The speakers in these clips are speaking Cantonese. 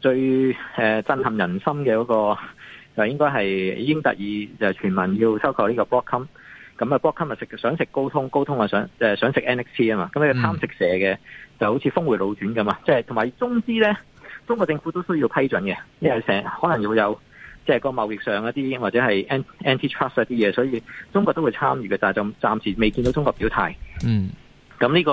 最誒震撼人心嘅嗰、那個就應該係英特爾就傳聞要收購呢個 Broadcom 咁啊 Broadcom 咪食想食高通，高通啊想誒想食 NXT 啊嘛，咁呢個貪食蛇嘅就好似峰回路轉咁嘛，即係同埋中資咧，中國政府都需要批准嘅，因為成日可能要有即係個貿易上一啲或者係 anti trust 一啲嘢，所以中國都會參與嘅，但係就暫時未見到中國表態。嗯，咁呢個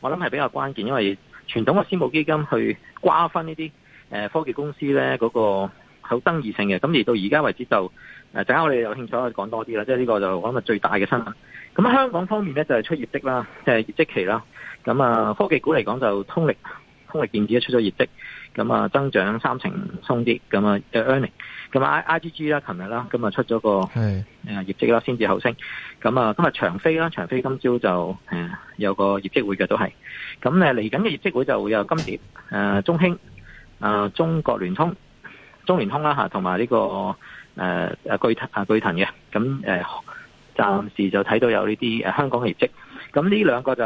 我諗係比較關鍵，因為傳統嘅私募基金去瓜分呢啲。誒科技公司咧嗰、那個好爭議性嘅，咁而到而家為止就誒，陣間我哋有興趣可以講多啲啦，即係呢個就我諗係最大嘅新聞。咁香港方面咧就係、是、出業績啦，即係業績期啦。咁啊科技股嚟講就通力通力電子都出咗業績，咁啊增長三成，鬆啲咁啊嘅 earning 咁啊 IIGG 啦，琴日啦，咁啊出咗個業績啦，先至後升。咁啊今日長飛啦，長飛今朝就、啊、有個業績會嘅都係。咁咧嚟緊嘅業績會就會有金蝶、呃、中興。誒、呃、中國聯通、中聯通啦同埋呢個誒誒、呃、巨，巨騰、巨騰嘅，咁、呃、暫時就睇到有呢啲、呃、香港嘅業績。咁呢兩個就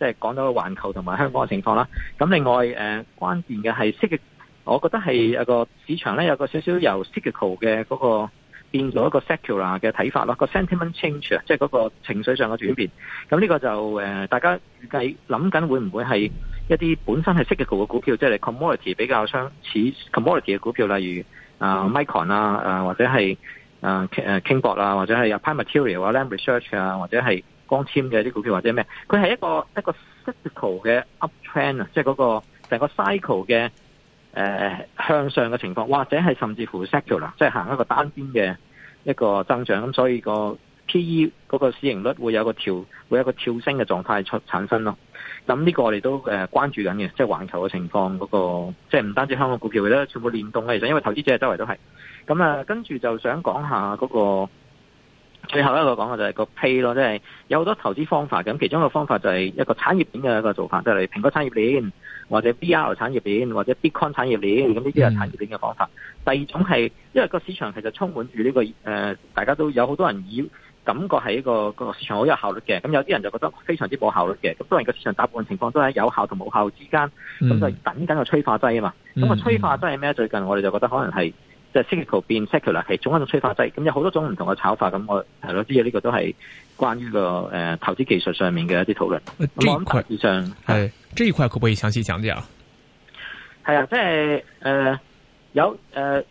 即係、就是、講到環球同埋香港嘅情況啦。咁另外誒、呃、關鍵嘅係息，我覺得係個市場咧，有個少少由 secular 嘅嗰個變咗一個 secular 嘅睇法咯，個 sentiment change 啊，即係嗰個情緒上嘅轉變。咁呢個就、呃、大家預計諗緊會唔會係？一啲本身係 cyclical 嘅股票，即係你 commodity，比較相似 commodity 嘅股票，例如啊 Micron 啊，誒或者係誒誒 Kingboard 啊，或者係 Applied Material 啊，Lam Research 啊，或者係光纖嘅一啲股票或者咩，佢係一個一個 cyclical 嘅 uptrend 啊，即係嗰個成個 cycle 嘅誒向上嘅情況，或者係甚至乎 secular，即係行一個單邊嘅一個增長，咁所以個。P/E、那、嗰個市盈率會有一個跳，會有一個跳升嘅狀態出產生咯。咁呢個我哋都誒、呃、關注緊嘅，即係環球嘅情況，嗰、那個即係唔單止香港股票嘅咧，全部聯動嘅，其實因為投資者周圍都係。咁啊，跟住就想講下嗰、那個最後一個講嘅就係個 pay 咯，即、就、係、是、有好多投資方法，咁其中一個方法就係一個產業鏈嘅一個做法，就係、是、蘋果產業鏈，或者 B R 產業鏈，或者 Bitcoin 產業鏈，咁呢啲係產業鏈嘅方法、嗯。第二種係，因為個市場其實充滿住呢個誒、呃，大家都有好多人以。感覺係一個個市場好有效率嘅，咁有啲人就覺得非常之冇效率嘅。咁當然個市場大部分情況都係有效同冇效之間，咁、嗯、就等緊個催化劑啊嘛。咁、嗯、個催化劑係咩？最近我哋就覺得可能係、嗯、即係 cyclical 變 secular 係一種一種催化劑。咁有好多種唔同嘅炒法。咁我係咯，知道呢個都係關於個誒、呃、投資技術上面嘅一啲討論。咁、呃，呢一塊以上係呢、呃、一塊可唔可以詳細講一啊？係、就、啊、是，即、呃、係有誒。呃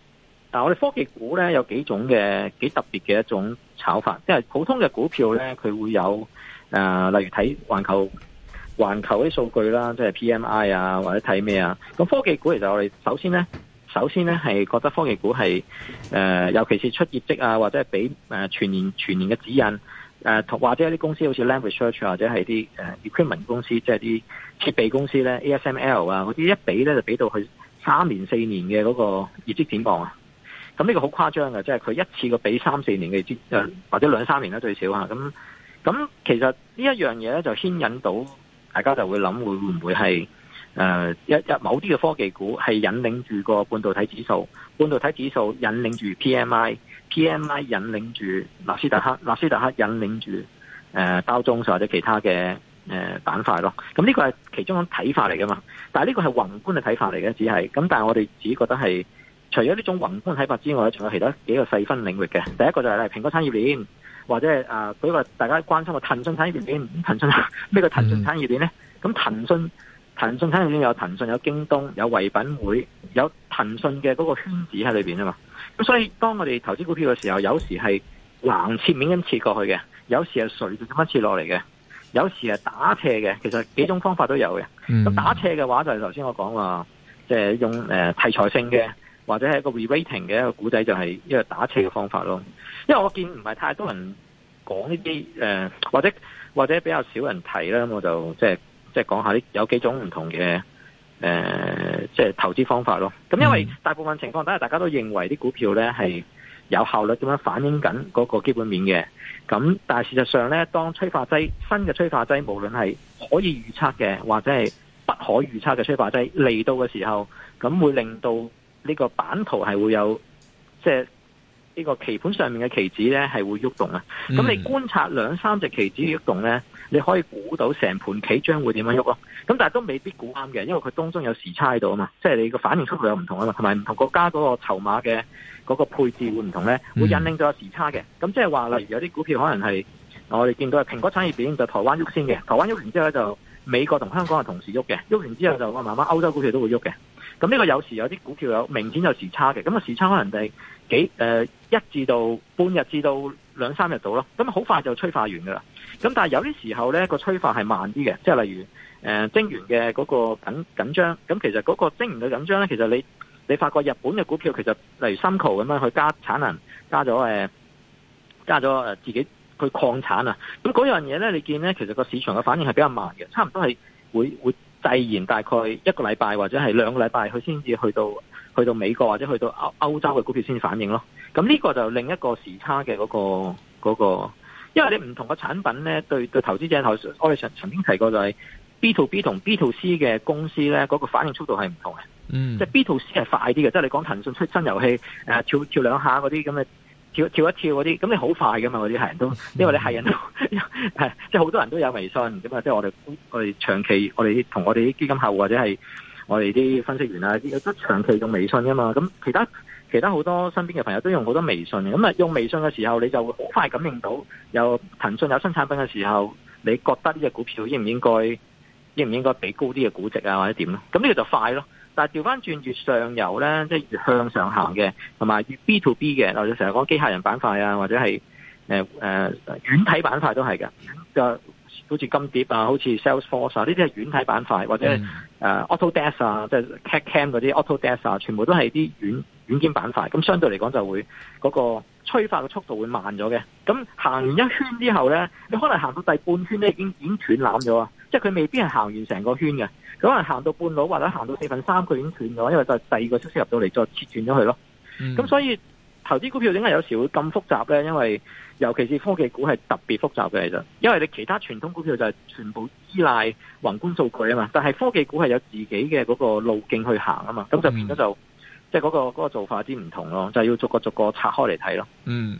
我哋科技股咧有幾種嘅幾特別嘅一種炒法，即係普通嘅股票咧，佢會有誒、呃，例如睇環球環球啲數據啦，即係 P M I 啊，或者睇咩啊。咁科技股其實我哋首先咧，首先咧係覺得科技股係誒、呃，尤其是出業績啊，或者係俾誒全年全年嘅指引誒、呃，或者係啲公司好似 Lam Research、啊、或者係啲、呃、Equipment 公司，即係啲設備公司咧，A S M L 啊嗰啲一比咧就畀到佢三年四年嘅嗰個業績展望啊。咁呢個好誇張嘅，即係佢一次過俾三四年嘅或者兩三年啦最少嚇。咁咁其實呢一樣嘢咧，就牽引到大家就會諗，會唔會係誒一一某啲嘅科技股係引領住個半導體指數，半導體指數引領住 P M I，P M I 引領住納斯達克，納斯達克引領住誒包數或者其他嘅誒板塊咯。咁呢個係其中一種睇法嚟嘅嘛。但係呢個係宏觀嘅睇法嚟嘅，只係咁。但係我哋只覺得係。除咗呢種宏觀睇法之外，仲有其他幾個細分領域嘅。第一個就係蘋果產業鏈，或者係誒比如話大家關心嘅騰訊產業鏈。騰訊，咩叫騰訊產業鏈咧？咁騰訊騰訊產業鏈有騰訊、有京東、有唯品會、有騰訊嘅嗰個圈子喺裏邊啊嘛。咁所以當我哋投資股票嘅時候，有時係橫切面咁切過去嘅，有時係垂直咁樣切落嚟嘅，有時係打斜嘅。其實幾種方法都有嘅。咁、嗯、打斜嘅話就係頭先我講話，即、就、係、是、用誒、呃、題材性嘅。或者係一個 re-rating 嘅一個股仔，就係、是、一個打斜嘅方法咯。因為我見唔係太多人講呢啲誒，或者或者比較少人提啦。咁我就即係即係講下啲有幾種唔同嘅誒，即、呃、係、就是、投資方法咯。咁因為大部分情況都係大家都認為啲股票呢係有效率咁樣反映緊嗰個基本面嘅。咁但係事實上呢，當催化劑新嘅催化劑，無論係可以預測嘅，或者係不可預測嘅催化劑嚟到嘅時候，咁會令到。呢個版圖係會有即係呢個棋盤上面嘅棋子咧，係會喐動啊！咁你觀察兩三隻棋子喐動咧，你可以估到成盤棋將會點樣喐咯。咁但係都未必估啱嘅，因為佢當中有時差喺度啊嘛，即係你個反應速度有唔同啊嘛，同埋唔同國家嗰個籌碼嘅嗰個配置會唔同咧？會引領到有時差嘅。咁即係話，例如有啲股票可能係我哋見到係蘋果產業鏈就台灣喐先嘅，台灣喐完之後咧就美國同香港係同時喐嘅，喐完之後就慢慢歐洲股票都會喐嘅。咁呢個有時有啲股票有明顯有時差嘅，咁、那、啊、個、時差可能就係幾誒、呃、一至到半日至到兩三日到咯，咁好快就催化完噶啦。咁但係有啲時候咧，個催化係慢啲嘅，即係例如誒、呃、晶圓嘅嗰個緊緊張，咁其實嗰個晶圓嘅緊張咧，其實你你發覺日本嘅股票其實例如 SUMCO 咁樣去加產能，加咗加咗、呃、自己去擴產啊，咁嗰樣嘢咧，你見咧其實個市場嘅反應係比較慢嘅，差唔多係會會。會自然大概一個禮拜或者係兩個禮拜，佢先至去到去到美國或者去到歐歐洲嘅股票先至反應咯。咁、嗯、呢、嗯，這個就另一個時差嘅嗰個嗰個，因為你唔同嘅產品咧，對對投資者，我哋曾我曾經提過就係 B to B 同 B to C 嘅公司咧，嗰、那個反應速度係唔同嘅。嗯，即係 B to C 係快啲嘅，即係你講騰訊出新遊戲，誒、呃、跳跳兩下嗰啲咁嘅。跳，跳一跳嗰啲，咁你好快噶嘛？嗰啲係人都，因為你係人都係，即係好多人都有微信咁嘛。即係我哋我哋長期我哋同我哋啲基金客戶或者係我哋啲分析員啊，啲都長期用微信噶嘛。咁其他其他好多身邊嘅朋友都用好多微信咁啊，用微信嘅時候，你就好快感應到有騰訊有新產品嘅時候，你覺得呢隻股票應唔應該應唔應該俾高啲嘅估值啊，或者點咧？咁呢個就快咯。但係調翻轉越上游咧，即係越向上行嘅，同埋越 B to B 嘅，或者成日講機械人板塊啊，或者係誒誒軟體板塊都係嘅，就好似金蝶啊，好似 Salesforce 啊，呢啲係軟體板塊，或者、呃、AutoDesk、嗯、啊，Autodesk，即係 cat cam 嗰啲 AutoDesk 啊，全部都係啲軟軟件板塊，咁相對嚟講就會嗰、那個催化嘅速度會慢咗嘅。咁行完一圈之後咧，你可能行到第半圈咧，已經已經斷纜咗啊！即係佢未必係行完成個圈嘅，可能行到半路或者行到四分三佢已經斷咗，因為就第二個消息入到嚟再切斷咗佢咯。咁、嗯、所以投資股票點解有時候會咁複雜呢？因為尤其是科技股係特別複雜嘅嚟啫，因為你其他傳統股票就係全部依賴宏觀數據啊嘛，但係科技股係有自己嘅嗰個路徑去行啊嘛，咁、嗯、就變咗就即係嗰個、嗰個做法有啲唔同咯，就要逐個逐個拆開嚟睇咯。嗯。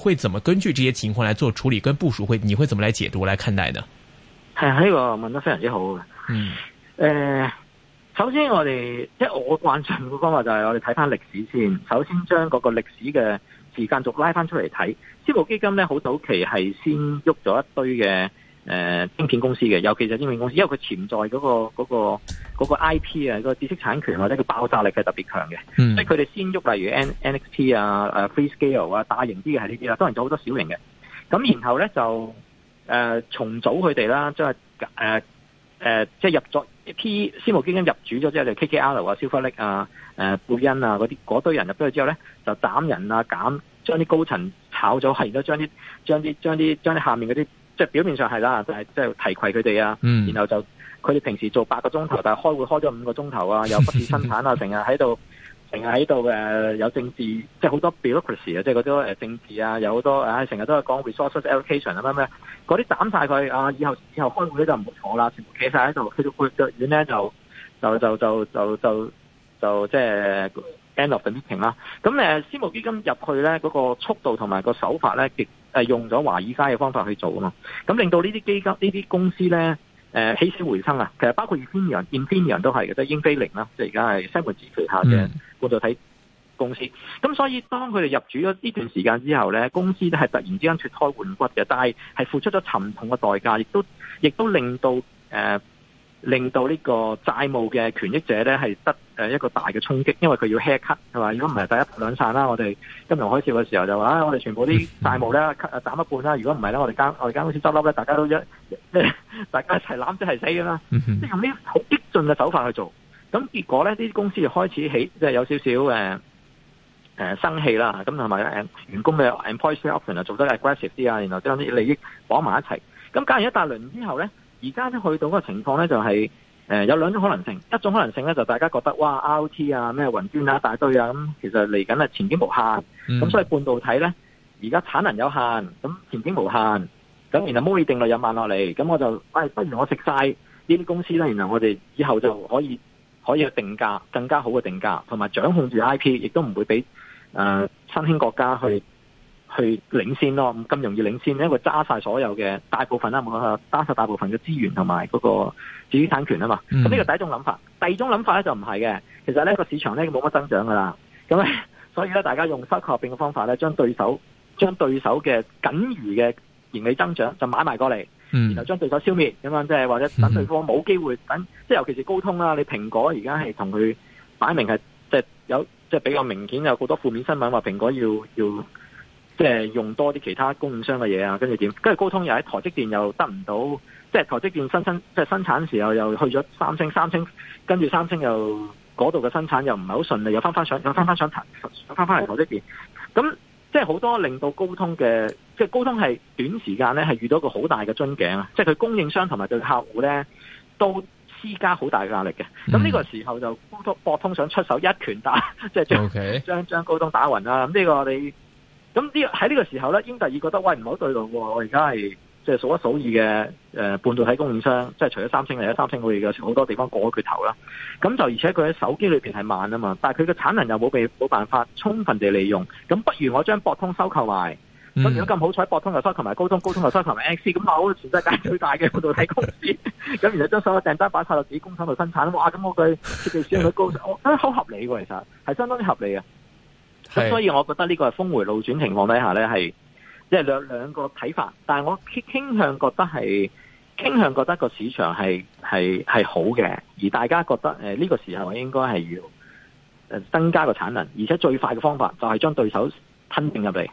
會怎麼根據這些情況來做處理跟部署？會，你會怎麼來解讀來看待呢？係啊，呢個問得非常之好嘅。嗯。誒、呃，首先我哋即係我慣常嘅方法就係我哋睇翻歷史先。首先將嗰個歷史嘅時間軸拉翻出嚟睇，私募基金咧好早期係先喐咗一堆嘅。誒，芯片公司嘅，尤其是芯片公司，因為佢潛在嗰、嗰個嗰、嗰個嗰、嗰個 I P 啊，個知識產權或者個爆炸力係特別強嘅，即係佢哋先喐，例如 N N X P 啊，啊，Freescale 啊，大型啲嘅係呢啲啦，當然仲好多小型嘅。咁然後咧就誒、呃、重組佢哋啦，即係誒誒，即係入咗 PE 私募基金入主咗之後，就 K K R 啊，Silver Lake 啊，誒、呃，貝恩啊，嗰啲嗰堆人入咗去之後咧，就斬人啊，減將啲高層炒咗，係而家將啲將啲將啲將啲下面嗰啲。即係表面上係啦，即係即係提攜佢哋啊，mm. 然後就佢哋平時做八個鐘頭，但係開會開咗五個鐘頭啊，又不見生產啊，成日喺度，成日喺度誒有政治，即係好多 bureaucracy 啊，即係嗰啲誒政治啊，有好多啊，成日都係講 resources allocation 啊，咩咩，嗰啲斬晒佢啊！以後以後開會就唔好坐啦，全部企晒喺度，去到半腳遠咧就就就就就就就即係 end of the meeting 啦。咁誒私募基金入去咧，嗰個速度同埋個手法咧極。係用咗華爾街嘅方法去做啊嘛，咁令到呢啲基金、呢啲公司咧，誒、呃、起死回生啊！其實包括 Infineon、Infineon 都係嘅，即係英飛凌啦，即係而家係西門子旗下嘅半導體公司。咁所以當佢哋入主咗呢段時間之後咧，公司都係突然之間脫胎換骨嘅，但係係付出咗沉痛嘅代價，亦都亦都令到誒。呃令到呢個債務嘅權益者咧係得、呃、一個大嘅衝擊，因為佢要 haircut 係嘛。如果唔係，第一兩散啦、啊。我哋今日開始嘅時候就話、啊，我哋全部啲債務咧 cut 啊，斬一半啦、啊。如果唔係咧，我哋間我哋間公司執笠咧，大家都一大家一齊攬即係死㗎啦。即係用啲好激進嘅手法去做，咁結果咧啲公司就開始起，即係有少少誒誒、呃、生氣啦。咁同埋員工嘅 employee option 啊，做得係 aggressive 啲啊，然後將啲利益綁埋一齊。咁加完一大輪之後咧。而家咧去到嗰個情況咧、就是，就係誒有兩種可能性，一種可能性咧就係大家覺得哇，IOT 啊、咩雲端啊、一大堆啊，咁其實嚟緊啊前景無限，咁、嗯、所以半導體咧而家產能有限，咁前景無限，咁然後摩爾定律又慢落嚟，咁我就誒、哎、不如我食晒呢啲公司咧，然後我哋以後就可以可以去定價更加好嘅定價，同埋掌控住 IP，亦都唔會俾誒、呃、新興國家去。去領先咯，咁容易領先，因為揸晒所有嘅大部分啦，冇錯，揸晒大部分嘅資源同埋嗰個主產權啊嘛。咁呢個第一種諗法，第二種諗法咧就唔係嘅。其實呢個市場咧冇乜增長噶啦，咁咧所以咧大家用收合併嘅方法咧，將對手將對手嘅僅餘嘅盈利增長就買埋過嚟、嗯，然後將對手消滅咁樣，即係或者等對方冇機會等，等即係尤其是高通啦，你蘋果而家係同佢擺明係即係有即係、就是、比較明顯有好多負面新聞話蘋果要要。即係用多啲其他供應商嘅嘢啊，跟住點？跟住高通又喺台積電又得唔到，即係台積電新生即係生產時候又去咗三星，三星跟住三星又嗰度嘅生產又唔係好順利，又翻翻上，又翻翻上層，翻翻嚟台積電。咁即係好多令到高通嘅，即係高通係短時間咧係遇到一個好大嘅樽頸啊！即係佢供應商同埋對客戶咧都施加好大嘅壓力嘅。咁、嗯、呢個時候就高通博通想出手一拳打，即係將、okay. 將將高通打暈啦、啊。咁呢個你。咁呢喺呢個時候咧，英特爾覺得喂唔好對路喎，我而家係即係數一數二嘅誒、呃、半導體供應商，即係除咗三星嚟，一三星我哋有好多地方過咗佢頭啦。咁就而且佢喺手機裏面係慢啊嘛，但係佢嘅產能又冇被冇辦法充分地利用，咁不如我將博通收購埋，咁如果咁好彩，博通又收購埋高通，高通又收購埋 X，咁我好全世界最大嘅半導體公司，咁、 嗯、然後將所有訂單擺晒落自己工廠度生產，哇！咁我嘅設備使用率高，我覺得好合理喎，其實係相當之合理嘅。咁所以，我覺得呢個係峰回路轉情況底下咧，係即係兩兩個睇法，但係我傾向覺得係傾向覺得個市場係係係好嘅，而大家覺得誒呢個時候我應該係要誒增加個產能，而且最快嘅方法就係將對手吞併入嚟，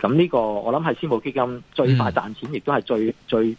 咁呢個我諗係私募基金最快賺錢亦都係最最，最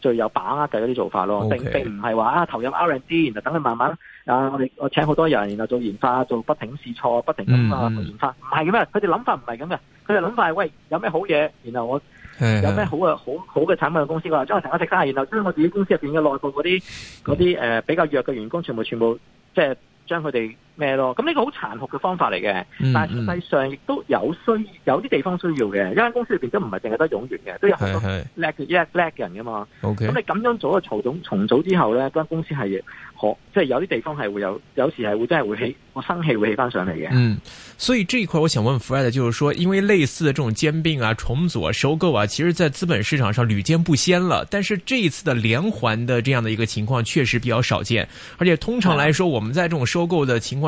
最有把握嘅嗰啲做法咯，okay. 並並唔係話啊投入 R&D，然後等佢慢慢啊，我哋我請好多人，然後做研發，做不停試錯，不停咁啊做研發，唔係嘅咩？佢哋諗法唔係咁嘅，佢哋諗法係喂，有咩好嘢，然後我、yeah. 有咩好嘅好好嘅產品嘅公司嘅話，將我成個食晒，然後將我，我自己公司入邊嘅內部嗰啲嗰啲誒比較弱嘅員工，全部全部即係將佢哋。咩咯？咁呢個好殘酷嘅方法嚟嘅，但係實際上亦都有需要，有啲地方需要嘅、嗯。一間公司裏邊都唔係淨係得庸員嘅，都有好多叻嘅叻嘅人噶嘛。咁、okay、你咁樣做個曹總重組之後呢，間公司係可即係有啲地方係會有，有時係會真係會起個生氣，會起翻上嚟嘅。嗯，所以這一塊我想問 Fred，就是說，因為類似嘅這種兼併啊、重組啊、收購啊，其實在資本市場上屢見不鮮了。但是這一次的連環的這樣的嘅一個情況，確實比較少見。而且通常來說，我們在這種收購的情況。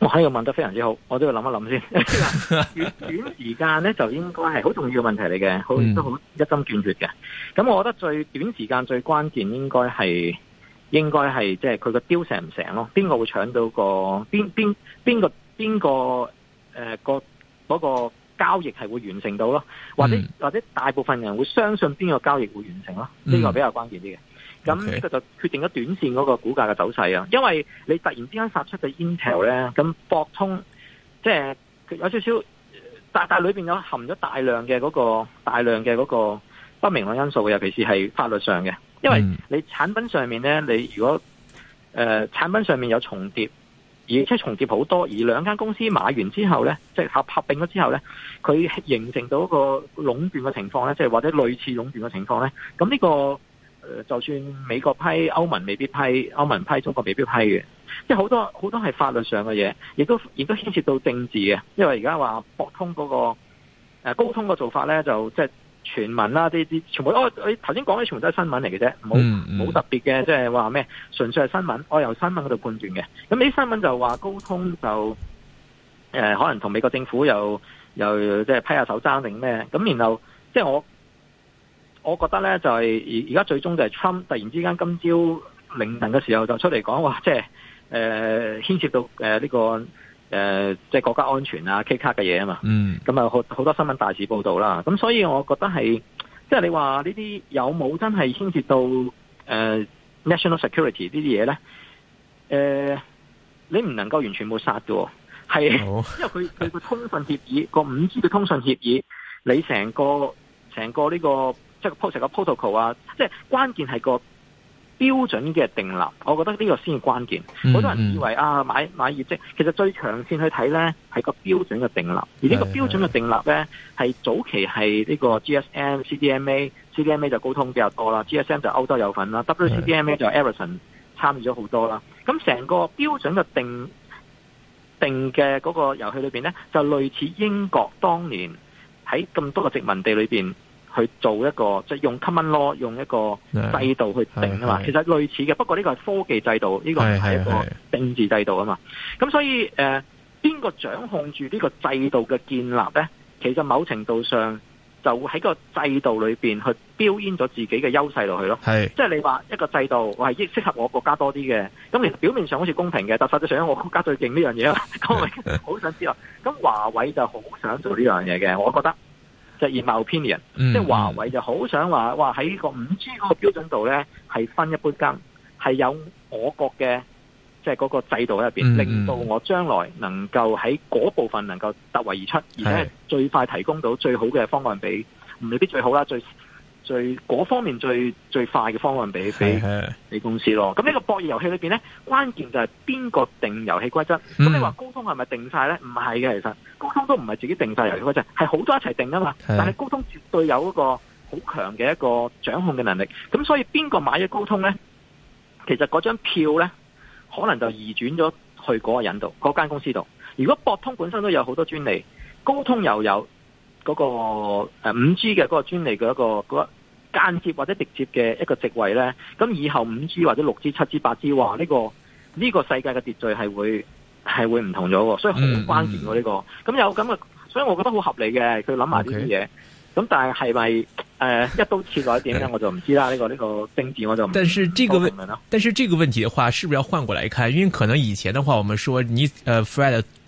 我喺度問得非常之好，我都要諗一諗先。短 短時間咧，就應該係好重要嘅問題嚟嘅，好 都好一針見血嘅。咁我覺得最短時間最關鍵應該係，應該係即係佢個雕成唔成咯？邊個會搶到個邊邊邊個邊個誒個嗰個交易係會完成到咯？或者 或者大部分人會相信邊個交易會完成咯？呢個比較關鍵啲嘅。.咁呢個就決定咗短綫嗰個股價嘅走勢啊！因為你突然之間殺出嘅 Intel 咧，咁博通即係、就是、有少少，但但裏裏邊有含咗大量嘅嗰、那個大量嘅嗰個不明朗因素嘅，尤其是係法律上嘅。因為你產品上面咧，你如果誒、呃、產品上面有重疊，而即係重疊好多，而兩間公司買完之後咧，即、就、係、是、合合併咗之後咧，佢形成到一個壟斷嘅情況咧，即係或者類似壟斷嘅情況咧，咁呢、這個。.就算美國批，歐盟未必批，歐盟批，歐盟批中國未必批嘅，即係好多好多係法律上嘅嘢，亦都亦都牽涉到政治嘅。因為而家話博通嗰、那個誒、呃、高通嘅做法咧，就即係、就是、傳聞啦、啊，啲啲全部我你頭先講嘅全部都係新聞嚟嘅啫，冇冇特別嘅，即係話咩？純粹係新聞，我由新聞嗰度判斷嘅。咁呢啲新聞就話高通就誒、呃，可能同美國政府又又即係批下手踭定咩？咁然後即係我。我覺得咧就係而而家最終就係侵突然之間今朝凌晨嘅時候就出嚟講，哇！即係誒牽涉到誒呢、呃這個誒、呃、即係國家安全啊，K 卡嘅嘢啊嘛。嗯。咁啊，好好多新聞大肆報道啦。咁所以我覺得係即係你話呢啲有冇真係牽涉到誒、呃、national security 這些東西呢啲嘢咧？誒、呃，你唔能夠完全冇殺嘅，係、no. 因為佢佢個通訊協議個五 G 嘅通訊協議，你成個成個呢個。整個這個即係 post 個 protocol 啊，即係關鍵係個標準嘅定立，我覺得呢個先係關鍵。好、嗯嗯、多人以為啊，買買業績，其實最長線去睇咧，係個標準嘅定立。而呢個標準嘅定立咧，係早期係呢個 GSM、CDMA、CDMA 就高通比較多啦，GSM 就歐洲有份啦，WCDMA 就 Ericsson 參與咗好多啦。咁成個標準嘅定定嘅嗰個遊戲裏面咧，就類似英國當年喺咁多個殖民地裏面。去做一個即係、就是、用 common law 用一個制度去定啊嘛，其實類似嘅，不過呢個係科技制度，呢、這個係一個政治制、制度啊嘛。咁所以誒，邊、呃、個掌控住呢個制度嘅建立咧？其實某程度上就會喺個制度裏邊去 build in 咗自己嘅優勢落去咯。係，即係你話一個制度，我係適適合我國家多啲嘅，咁其實表面上好似公平嘅，但實際上我國家最勁呢樣嘢啊！我 好 想知道，咁華為就好想做呢樣嘢嘅，我覺得。Mm-hmm. 即係業貿 opinion 即係華為就好想話哇喺呢個五 G 個標準度咧係分一杯羹係有我國嘅即係個制度喺入邊令到我將來能夠喺個部分能夠突圍而出而且最快提供到最好嘅方案俾唔未必最好啦最最嗰方面最最快嘅方案俾俾公司咯。咁呢個博弈遊戲裏邊呢，關鍵就係邊個定遊戲規則。咁你話高通係咪定晒呢？唔係嘅，其實不是高通都唔係自己定晒遊戲規則，係好多一齊定啊嘛。但係高通絕對有一個好強嘅一個掌控嘅能力。咁所以邊個買咗高通呢？其實嗰張票呢，可能就移轉咗去嗰個人度、嗰間公司度。如果博通本身都有好多專利，高通又有。嗰、那個5五 G 嘅嗰、那個專利嘅一個間接或者直接嘅一個席位咧，咁以後五 G 或者六 G 七 G 八 G 話呢個呢、這個世界嘅秩序係會係會唔同咗喎，所以好關鍵喎呢、嗯這個。咁有咁嘅，所以我覺得好合理嘅，佢諗埋呢啲嘢。咁、嗯 okay，但係係咪一刀切落一點咧？我就唔知啦。呢、嗯這個呢、這個政治我就。但是呢個問，但是呢個問題嘅話，是不是要換過來看？因為可能以前的話，我們說你誒 Fred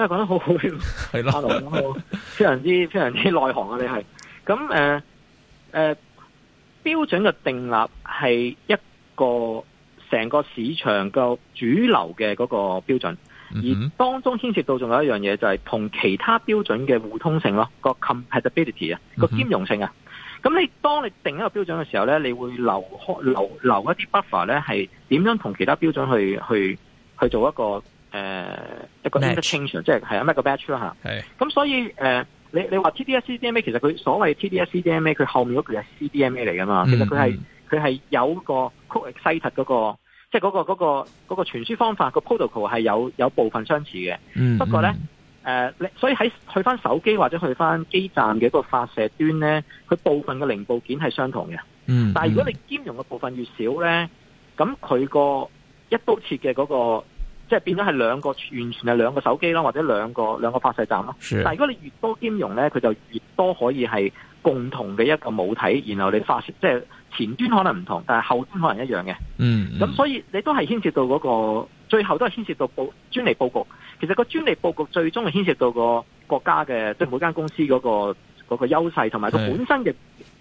真係講得好好係啦，非常之非常之內行啊！你係咁誒誒，標準嘅定立係一個成個市場嘅主流嘅嗰個標準，嗯、而當中牽涉到仲有一樣嘢，就係、是、同其他標準嘅互通性咯，個 compatibility 啊，個兼容性啊。咁、嗯、你當你定一個標準嘅時候咧，你會留開留留一啲 buffer 咧，係點樣同其他標準去去去做一個？誒、呃、一個 interchange 即係，係啊，係一個 batch 啦吓，係、啊。咁所以誒、呃、你你話 TDS-CDMA 其實佢所謂 TDS-CDMA 佢後面嗰句係 CDMA 嚟噶嘛？Mm-hmm. 其實佢係佢係有個曲線細凸嗰個，即係嗰、那個嗰、那個嗰、那個那個傳輸方法個 protocol 係有有部分相似嘅。Mm-hmm. 不過咧誒你所以喺去翻手機或者去翻基站嘅一個發射端咧，佢部分嘅零部件係相同嘅。Mm-hmm. 但係如果你兼容嘅部分越少咧，咁佢個一刀切嘅嗰、那個。即係變咗係兩個完全係兩個手機咯，或者兩個兩個發射站咯。是但係如果你越多兼容咧，佢就越多可以係共同嘅一個母體，然後你發射即係前端可能唔同，但係後端可能一樣嘅。嗯，嗯，咁所以你都係牽涉到嗰、嗰個最後都係牽涉到專利佈局。其實個專利佈局最終係牽涉到、個國家嘅，即對每間公司嗰、嗰個嗰、嗰個優勢同埋個本身嘅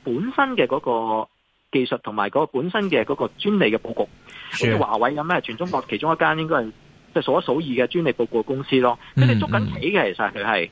本身嘅嗰個技術同埋嗰本身嘅嗰個專利嘅佈局。好似華為咁咧，全中國其中一間應該係。就係數一數二嘅專利報告公司咯，佢你捉緊棋嘅，其實佢係、嗯，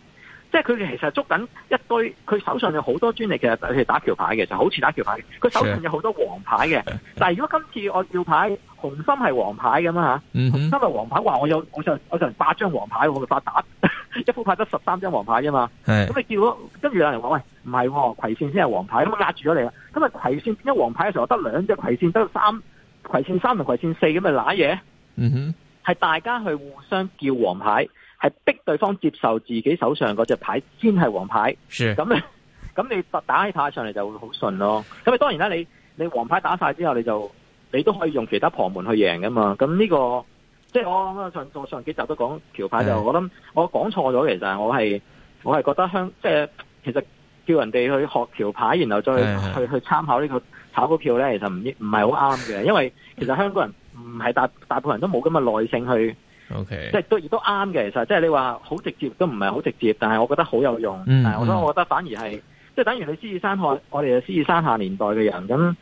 即係佢其實捉緊一堆，佢手上有好多專利，嘅，譬如打橋牌嘅，就好似打橋牌，佢手上有好多王牌嘅。但係如果今次我叫牌，紅心係王牌咁啊，紅、嗯、心係王牌，話我有，我就我就八張王牌，我咪發達， 一副牌得十三張王牌啫嘛。咁你叫咗，跟住有人話喂，唔係，葵扇先係王牌，咁我壓住咗你啦。咁啊，葵扇變咗王牌嘅時候，得兩隻葵扇，得三葵扇三同葵扇四咁咪瀨嘢。嗯哼。那係大家去互相叫王牌，係逼對方接受自己手上嗰隻牌先係王牌。咁、sure. 咁你打起牌上嚟就會好順咯。咁啊，當然啦，你你王牌打晒之後，你就你都可以用其他旁門去贏噶嘛。咁呢、這個即係我上我上幾集都講橋牌，就我諗我講錯咗其實我係，我係我係覺得香，即係其實叫人哋去學橋牌，然後再去去參考呢個炒股票呢，其實唔唔係好啱嘅，因為其實香港人。 唔係大大部分人都冇咁嘅耐性去。Okay. 即係都亦都啱嘅，其實即係你話好直接都唔係好直接，但係我覺得好有用。嗯，係，我都我覺得反而係即係等於你獅子山下，我哋係獅子山下年代嘅人，咁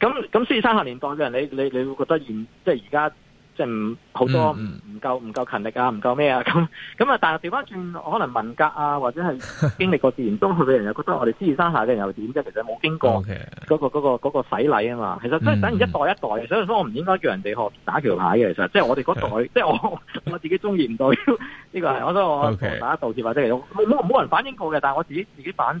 咁咁獅子山下年代嘅人，你你你會覺得現，即係而家。即係唔好多不，唔夠唔夠勤力啊，唔夠咩啊咁咁啊。但係調翻轉，可能文革啊，或者係經歷過自然災害嘅人，又覺得我哋獅子山下嘅人又點啫？其實冇經過嗰、嗰個嗰、嗰個嗰個、洗禮啊嘛。其實即係等於一代一代，所以所以我唔應該叫人哋學打橋牌嘅。其實即係我哋嗰代，即、嗯、係、即係、我我自己中意唔代表呢個係，所以我同、okay. 大家道歉，或者其實冇冇人反映過嘅，但係我自己自己反。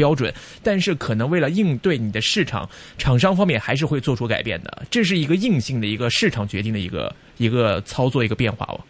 標準，但是可能為了應對你的市場，廠商方面還是會做出改變的。這是一個硬性的一個市場決定的一個一個操作一個變化哦。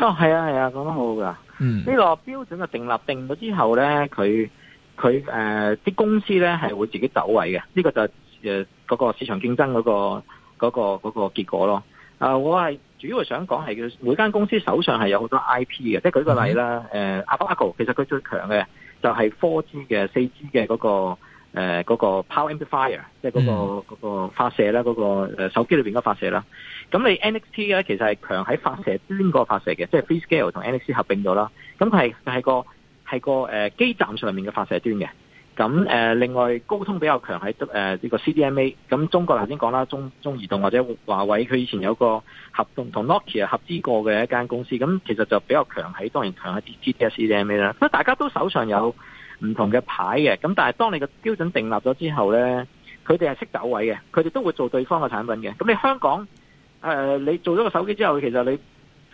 哦，係啊係啊，講得、啊、好噶。嗯，呢、這個標準嘅定立定咗之後咧，佢佢誒啲公司咧係會自己走位嘅。呢、這個就誒、是、嗰、呃那個市場競爭嗰、那個嗰、那個、那個結果咯。啊、呃，我係主要想講係每間公司手上係有好多 IP 嘅，即係舉個例啦。誒、嗯呃，阿巴哥其實佢最強嘅。就係、是、4G 嘅、四 G 嘅嗰個誒、呃那個 power amplifier，即係嗰個嗰、那個發射啦，嗰、那個手機裏邊嘅發射啦。咁你 NXT 咧，其實係強喺發射端個發射嘅，即、就、係、是、FreeScale 同 NXT 合併咗啦。咁佢係係個係個、呃、機基站上面嘅發射端嘅。咁誒、呃，另外高通比較強喺誒呢個 CDMA。咁中國頭先講啦，中中移動或者華為，佢以前有個合同同 Nokia 合資過嘅一間公司。咁其實就比較強喺，當然強喺 TD 和 CDMA 啦。咁大家都手上有唔同嘅牌嘅。咁但係當你個標準訂立咗之後咧，佢哋係識走位嘅，佢哋都會做對方嘅產品嘅。咁你香港誒、呃，你做咗個手機之後，其實你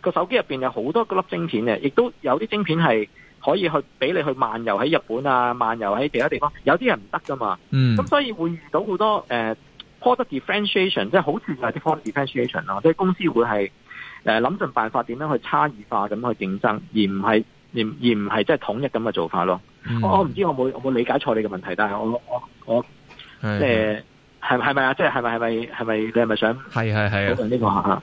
個手機入邊有好多粒晶片嘅，亦都有啲晶片係。可以去俾你去漫遊喺日本啊，漫遊喺其他地方，有啲人唔得噶嘛。嗯，嗯，嗯，嗯。咁所以會遇到好多誒、呃、product differentiation，即係好似就係啲 product differentiation 咯、啊，即、就、係、是、公司會係誒諗盡辦法點樣去差異化咁去競爭，而唔係而而唔係即係統一咁嘅做法咯。嗯嗯，我唔知我冇我冇理解錯你嘅問題，但係我我我即係係咪啊？即係係咪係咪係咪？你係咪想係係呢個是是是啊個？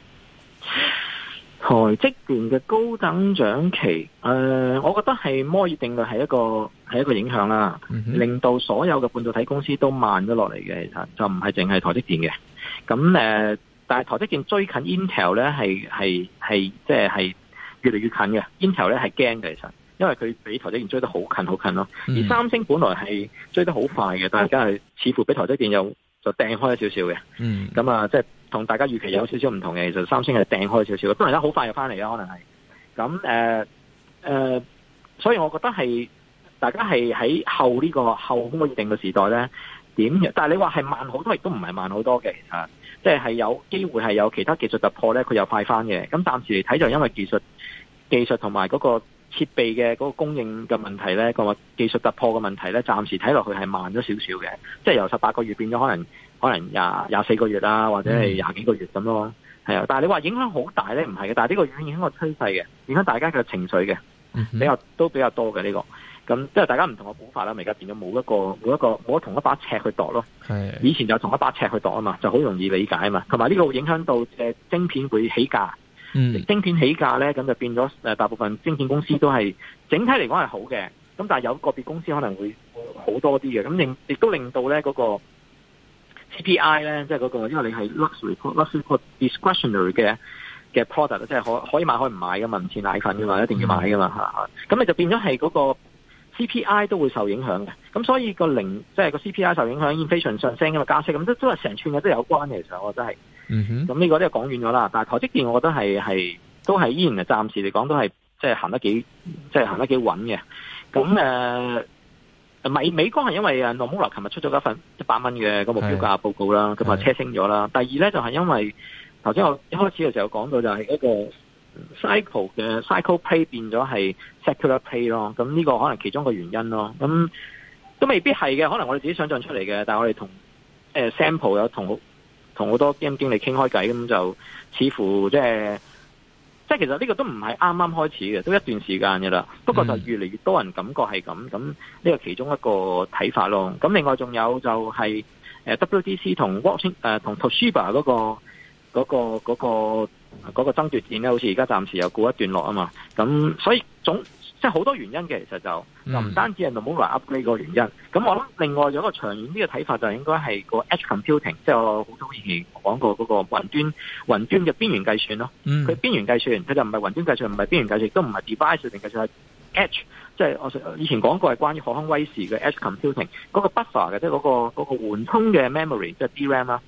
台積電嘅高增長期，誒、呃，我覺得係摩爾定律係一個係一個影響啦，嗯、令到所有嘅半導體公司都慢咗落嚟嘅，其實就唔係淨係台積電嘅。咁誒、呃，但係台積電追近 Intel 咧係係係即係係越嚟越近嘅，Intel 咧係驚嘅，其實因為佢比台積電追得好近好近咯、嗯。而三星本來係追得好快嘅，但係而家係似乎比台積電有，就掟開少少嘅，咁、嗯、啊，即係同大家預期有少少唔同嘅，其實三星係掟開少少嘅，不過而家好快就翻嚟啦，可能係，咁誒誒，所以我覺得係大家係喺後呢、這個後工業定嘅時代咧，點？但係你話係慢好多，亦都唔係慢好多嘅，其、啊、即係係有機會係有其他技術突破咧，佢又快翻嘅。咁暫時嚟睇就因為技術技術同埋嗰個。設備嘅嗰個供應嘅問題咧，個技術突破嘅問題咧，暫時睇落去係慢咗少少嘅，即係由十八個月變咗可能可能廿廿四個月啦，或者係廿幾個月咁咯，係、yeah. 啊。但係你話影響好大咧，唔係嘅。但係呢個影響個趨勢嘅，影響大家嘅情緒嘅，比較都比較多嘅呢個。咁即係大家唔同嘅估法啦，咪而家變咗冇一個冇一個冇同一把尺去度咯。係、yeah. 以前就同一把尺去度啊嘛，就好容易理解啊嘛。同埋呢個會影響到誒晶片會起價，Mm-hmm. 晶片起價咧，咁就變咗誒，大部分晶片公司都係整體嚟講係好嘅，咁但係有個別公司可能會好多啲嘅，咁亦都令到咧嗰、嗰個 CPI 咧，即係嗰個，因為你係 luxury、luxury discretionary 嘅嘅 product，即係可可以買可以唔買㗎嘛，唔似奶粉㗎嘛，一定要買㗎嘛，吓，咁你就變咗係嗰個 CPI 都會受影響嘅，咁所以個零即係、即係、個 CPI 受影響 inflation 上升嘅嘛，加息，咁都都係成串嘅都有關嘅，其實我真係。嗯哼，咁呢個都係講遠咗啦。但係台積電，我覺得係係都係依然係暫時嚟講，都係即係行得幾，即係行得幾穩嘅。咁誒、呃，美美光係因為啊，諾摩羅琴日出咗一份一百蚊嘅個目標價報告啦，咁啊，車升咗啦。第二咧就係、是、因為頭先我一開始嘅時候講到，就係一個 cycle 嘅 cycle play 變咗係 secular play 咯。咁呢個可能其中一個原因咯。咁都未必係嘅，可能我哋自己想象出嚟嘅。但係我哋同誒 sample 有同。同好多基金經理傾開偈，咁就似乎即係即係其實呢個都唔係啱啱開始嘅，都一段時間嘅啦。不過就越嚟越多人感覺係咁，咁呢個其中一個睇法咯。咁另外仲有就係誒 WDC 同 Watson 誒同 Toshiba 嗰個嗰個嗰個嗰個爭奪戰咧，好似而家暫時又告一段落啊嘛。咁所以總。即係好多原因嘅，其實就就唔單止係 motherboard upgrade 個原因。咁、mm. 我諗另外有個長遠啲嘅睇法，就應該係個 edge computing，即係我好多以前講過嗰個雲端雲端嘅邊緣計算咯。佢邊緣計算，佢、mm. 就唔係雲端計算，唔係邊緣計算，亦都唔係 device 定計算，係 edge，即係我以前講過係關於何康威視嘅 edge computing 嗰個 buffer 嘅、那個，即嗰個嗰個緩衝嘅 memory，即係 DRAM 啊。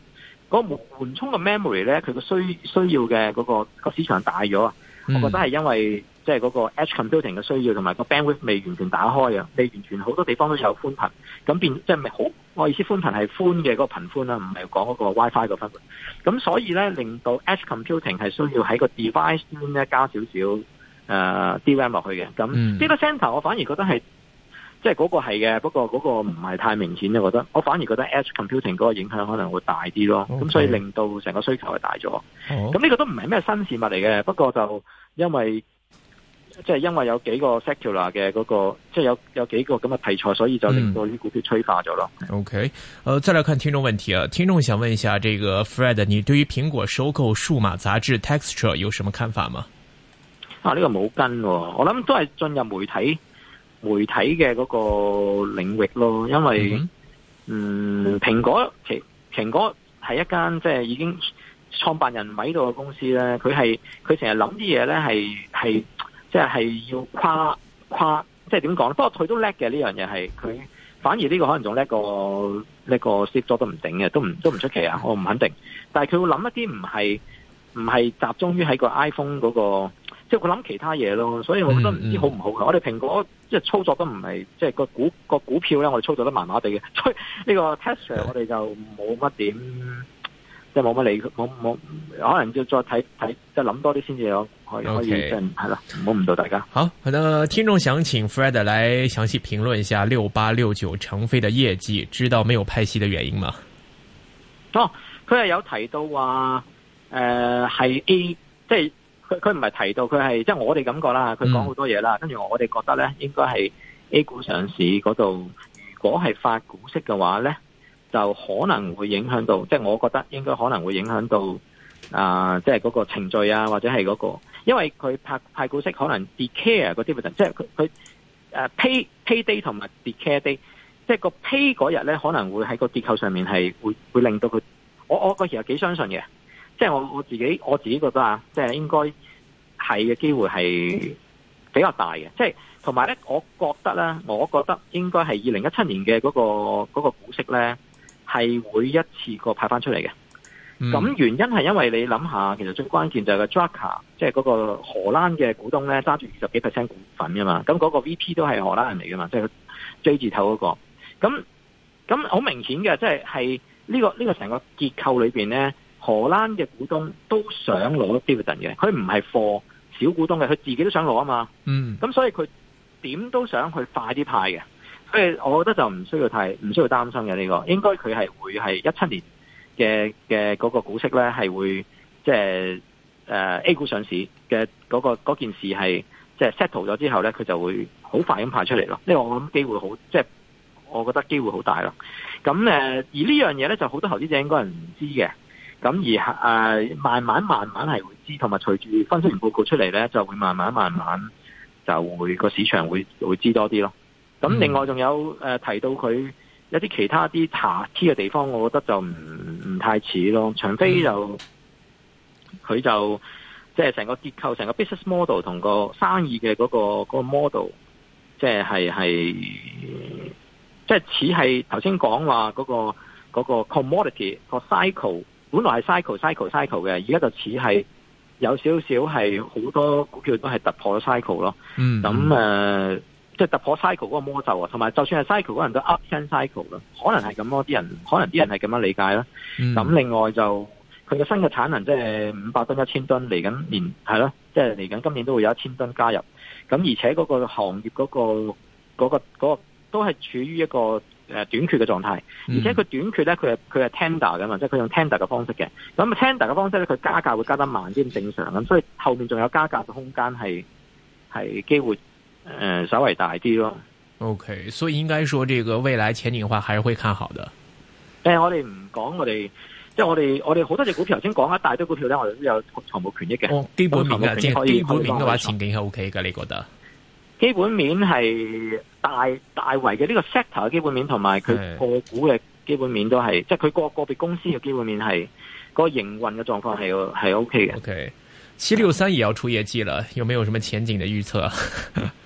嗰個緩緩衝嘅 memory 咧，佢個需需要嘅嗰、那個那個市場大咗，mm. 我覺得係因為。即係嗰個 Edge Computing 嘅需要，同埋個 bandwidth 未完全打開啊，未完全好多地方都有寬頻，咁變即係咪好？我意思寬頻係寬嘅嗰、那個頻寬啦，唔係講嗰個 WiFi 嗰頻，咁所以咧，令到 Edge Computing 係需要喺個 device 先咧加少少誒、呃、DRAM 落去嘅。咁呢、嗯這個 Center 我反而覺得係即係嗰個係嘅，不過嗰個唔係太明顯啊。我覺得我反而覺得 Edge Computing 嗰個影響可能會大啲咯。咁、okay. 所以令到成個需求係大咗。咁、oh. 呢個都唔係咩新事物嚟嘅，不過就因為即、就、係、是、因為有幾個 secular 嘅嗰、那個，即、就、係、是、有有幾個咁嘅題材，所以就令到啲股票催化咗咯、嗯。OK，誒、呃，再來看聽眾問題啊！聽眾想問一下，這個 Fred，你對於蘋果收購數碼雜誌 Texture 有什麼看法嗎？啊，呢、這個冇跟，我諗都係進入媒體媒體嘅嗰個領域咯。因為，嗯，嗯蘋果蘋蘋果係一間即係已經創辦人唔喺度嘅公司咧，佢係佢成日諗啲嘢咧，係係。是即係要跨跨，即係點講咧？不過佢都叻嘅呢樣嘢係，佢反而呢個可能仲叻過叻、這個 Steve Jobs 都唔定嘅，都唔都唔出奇啊！我唔肯定，但係佢會諗一啲唔係唔係集中於喺個 iPhone 嗰、嗰個，即係佢諗其他嘢咯。所以我覺得唔知好唔好嘅、mm-hmm.。我哋蘋果即係操作得唔係，即係個股個股票咧，我哋操作得麻麻地嘅。所以呢個 Tesla 我哋就冇乜點。即係冇乜理，冇冇可能要再睇睇，即係諗多啲先至可可以，即係係啦，唔好誤導大家。好，好多聽眾想請 Fred 嚟詳細評論一下六八六九成飛嘅業績，知道沒有派息嘅原因嘛？哦，佢係有提到話，誒、呃、係 A，即係佢佢唔係提到佢係，即係、就是、我哋感覺啦，佢講好多嘢啦，嗯、跟住我哋覺得咧，應該係 A 股上市嗰度，如果係發股息嘅話咧，就可能會影響到，即係我覺得應該可能會影響到啊！即係嗰個程序啊，或者係嗰個，因為佢派派股息可能 declare 嗰啲即係佢佢誒 pay pay day 同埋 declare day，即係個 pay 嗰日咧可能會喺個折扣上面係會會令到佢，我我個其實幾相信嘅，即係我我自己我自己覺得啊，即係應該係嘅機會係比較大嘅，即係同埋咧，我覺得咧，我覺得應該係二零一七年嘅嗰個嗰個股息咧。係會一次過派翻出嚟嘅，咁、嗯、原因係因為你諗下，其實最關鍵就係個 Drucker，即係嗰個荷蘭嘅股東咧揸住二十幾 percent 股份噶嘛，咁嗰個 VP 都係荷蘭人嚟噶嘛，即係 J 字頭嗰、那個，咁咁好明顯嘅，即係係呢個呢、這個成個結構裏邊咧，荷蘭嘅股東都想攞 Dividend 嘅，佢唔係貨小股東嘅，佢自己都想攞啊嘛，嗯，咁所以佢點都想去快啲派嘅。即係我覺得就唔需要太唔需要擔心嘅呢個，應該佢係會係一七年嘅嘅嗰個股息咧，係會即係誒 A 股上市嘅嗰個嗰件事係即係 settle 咗之後咧，佢就會好快咁派出嚟咯。因為我諗機會好，即係我覺得機會好大咯。咁誒而呢樣嘢咧就好多投資者應該係唔知嘅，咁而係誒慢慢慢慢係會知，同埋隨住分析完報告出嚟咧，就會慢慢慢慢就會個市場會會知多啲咯。咁、嗯、另外仲有、呃、提到佢一啲其他啲瑕疵嘅地方，我覺得就唔唔太似咯。除非就佢就即係成個結構、成個 business model 同個生意嘅嗰個嗰個 model，即係係即係似係頭先講話嗰個嗰個 commodity 個 cycle，本來係 cycle cycle cycle 嘅，而家就似係有少少係好多股票都係突破咗 cycle 咯。嗯，咁誒。嗯呃即係突破 cycle 嗰個魔咒啊，同埋就算係 cycle 嗰人都 up turn cycle 咯，可能係咁咯，啲人可能啲人係咁樣理解啦。咁、mm. 另外就佢個新嘅產能，即係五百噸、一千噸嚟緊年，係咯，即係嚟緊今年都會有一千噸加入。咁而且嗰個行業嗰、嗰個嗰、嗰個嗰、嗰個、嗰個、都係處於一個誒短缺嘅狀態，而且佢短缺咧，佢係佢係 tender 嘅嘛，即係佢用 tender 嘅方式嘅。咁 tender 嘅方式咧，佢加價會加得慢啲，正常咁，所以後面仲有加價嘅空間係係機會。誒、呃，稍微大啲咯。OK，所以應該說，這個未來前景話還是會看好的。誒、呃，我哋唔講我哋，即係我哋我哋好多隻股票，頭先講下大堆股票咧，我哋都有財務權益嘅、哦。基本面基本面嘅話，前景係 OK 嘅，你覺得？基本面係大大圍嘅呢個 sector 嘅基本面，同埋佢個股嘅基本面都係，即係佢個個別公司嘅基本面係、個營運嘅狀況係係 OK 嘅。OK，七六三也要出業績啦、嗯，有沒有什麼前景嘅預測？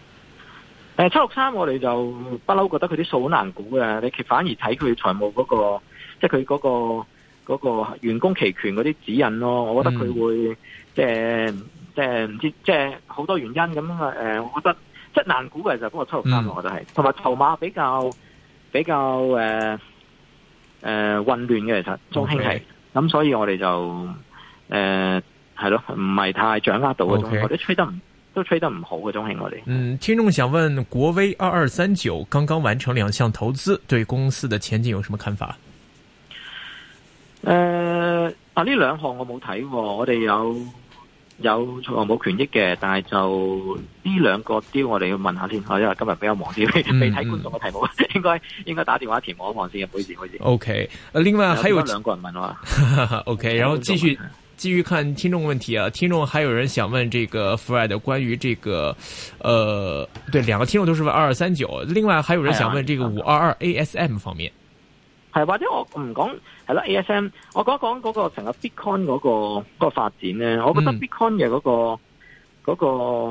誒、呃，七六三我哋就不嬲，覺得佢啲數好難估嘅，你其反而睇佢財務嗰、嗰個，即係佢嗰個嗰、嗰個員工期權嗰啲指引咯，我覺得佢會、嗯呃呃、即係即係唔知即係好多原因咁啊！誒、呃，我覺得即係難估嘅就嗰個七六三，我覺得係，同埋籌碼比較比較誒誒、呃呃、混亂嘅，其實中興係，咁、okay. 嗯、所以我哋就誒係咯，唔、呃、係太掌握到種，嘅，都吹得唔。都吹得唔好嘅，中興我哋。嗯，聽眾想問國威二二三九剛剛完成兩項投資，對公司的前景有什麼看法？誒、呃，啊呢兩項我冇睇，我哋有有冇權益嘅，但係就呢兩個啲，我哋要問下先，因為今日比較忙啲，未睇觀眾嘅題目，嗯、應該應該打電話填我一方先，好 O、okay, K，另外仲有兩個人問 O、okay, K，然後繼續。繼續看聽眾問題啊！聽眾還有人想問這個 Fred 關於這個，呃，對，兩個聽眾都是二二三九，另外還有人想問這個五二二 ASM 方面。係或者我唔講係啦，ASM 我講講嗰個成個 Bitcoin 嗰個嗰個發展咧，我覺得 Bitcoin 嘅嗰個嗰個、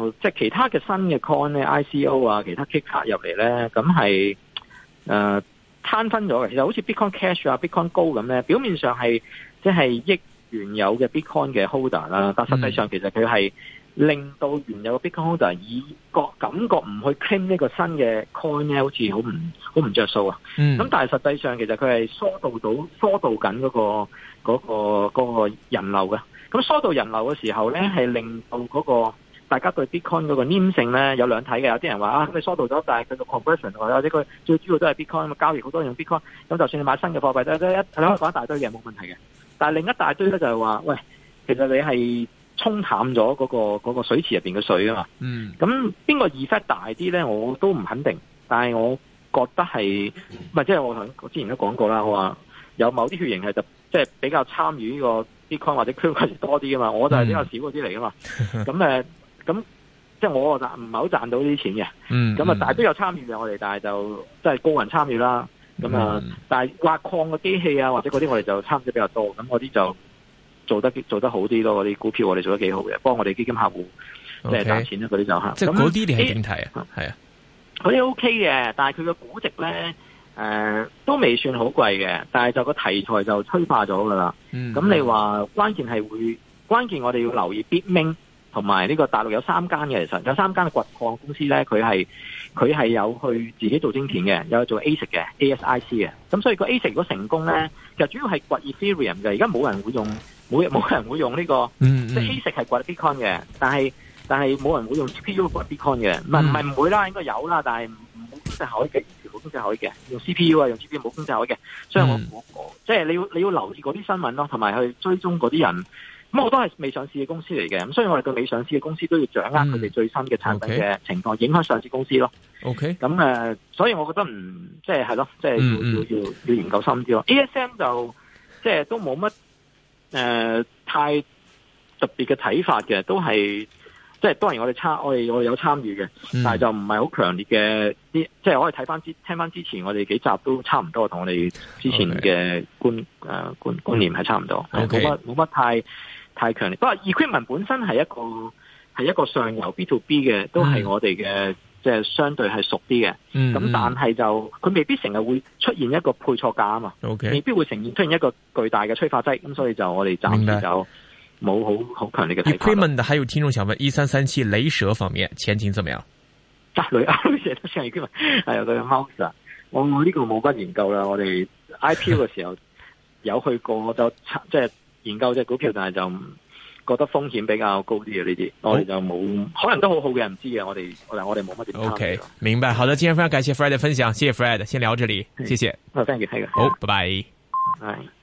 嗯、即係其他嘅新嘅 Coin 咧，ICO 啊，其他 Kick 卡入嚟咧，咁係誒攤分咗嘅，其實好似 Bitcoin Cash 啊、Bitcoin Gold 咁咧，表面上係即係益。就是原有嘅 Bitcoin 嘅 Holder 啦、嗯，但實際上其實佢係令到原有嘅 Bitcoin Holder 以個感覺唔去 claim 呢個新嘅 Coin 咧，好似好唔好唔著數啊！咁但係實際上其實佢係疏導到疏導緊嗰個嗰個嗰個人流嘅。咁疏導人流嘅時候咧，係令到嗰、嗰個大家對 Bitcoin 嗰個黏性咧有兩睇嘅。有啲人話啊，你疏導咗，但係佢個 conversion 或者佢最主要都係 Bitcoin 交易，好多人用 Bitcoin。咁就算你買新嘅貨幣都一兩日講一大堆嘅冇問題嘅。但係另一大堆咧就係話，喂，其實你係沖淡咗嗰、嗰個，嗰、嗰個水池入邊嘅水啊嘛。嗯。咁邊個 effect 大啲咧？我都唔肯定。但係我覺得係，唔係即係我同我之前都講過啦，我話有某啲血型係就即係比較參與呢個 bitcoin 或者區坤多啲噶嘛，我就係比較少嗰啲嚟噶嘛。咁誒，咁即係我就唔係好賺到呢啲錢嘅。嗯。咁啊、 就是嗯嗯，但係都有參與嘅我哋，但係就即係高人參與啦。咁、嗯、啊！但係挖礦嘅機器啊，或者嗰啲我哋就參得比較多，咁嗰啲就做得做得好啲咯。嗰啲股票我哋做得幾好嘅，幫我哋基金客戶即係賺錢啦。嗰啲就吓，即係嗰啲你係點睇啊？係啊，嗰啲 OK 嘅，但係佢嘅估值咧，誒、呃、都未算好貴嘅，但係就個題材就催化咗噶啦。咁、嗯、你話關鍵係會關鍵，我哋要留意啲咩？同埋呢個大陸有三間嘅，其實有三間掘礦公司咧，佢係佢係有去自己做精片嘅，有去做 A c 嘅 ASIC 嘅。咁所以個 A 食如果成功咧，其實主要係掘 ethereum 嘅。而家冇人會用，冇冇人會用呢、這個。Mm-hmm. 即係 A 食係 Bitcoin 嘅，但係但係冇人會用 CPU 掘 Bitcoin 嘅。唔係唔係唔會啦，應該有啦，但係唔冇公積海嘅，全公積海嘅。用 CPU 啊，用 CPU 冇公可海嘅。所以我、mm-hmm. 即係你要你要留意嗰啲新聞咯、啊，同埋去追蹤嗰啲人。咁我都係未上市嘅公司嚟嘅，咁所以我哋對未上市嘅公司都要掌握佢哋最新嘅產品嘅情況，嗯、okay, 影響上市公司咯。咁、okay, 誒，uh, 所以我覺得唔，即係係咯，即係要要要要研究深啲咯。ASM 就即係都冇乜誒太特別嘅睇法嘅，都係即係當然我哋參我哋我哋有參與嘅，但係就唔係好強烈嘅啲，即係我哋睇翻之聽翻之前我哋幾集都差唔多，同我哋之前嘅觀誒、okay, 呃、觀觀念係差唔多，冇、okay, 乜太。太強烈。不過 equipment 本身係一個係一個上游 B to B 嘅，都係我哋嘅即係相對係熟啲嘅。咁、嗯、但係就佢未必成日會出現一個配錯價啊嘛。O、okay. K，未必會呈現出現一個巨大嘅催化劑。咁所以就我哋暫時就冇好好強烈嘅。Equipment 還有聽眾想問：一三三七雷蛇方面前景點樣？砸雷啊！都係 equipment，係個 mouse 啊！我我呢個冇乜研究啦。我哋 I P O 嘅時候有去過，我就即係。就是研究隻股票，但係就覺得風險比較高啲啊。呢啲，我哋就冇，可能都好好嘅，唔知嘅我哋，能我哋冇乜點 OK，明白。好啦，今天非常感謝 Fred 嘅分享，謝謝 Fred，先聊這裏，嗯、謝謝。好、哦、，thank you，thank you 好，拜、yeah. 拜。係。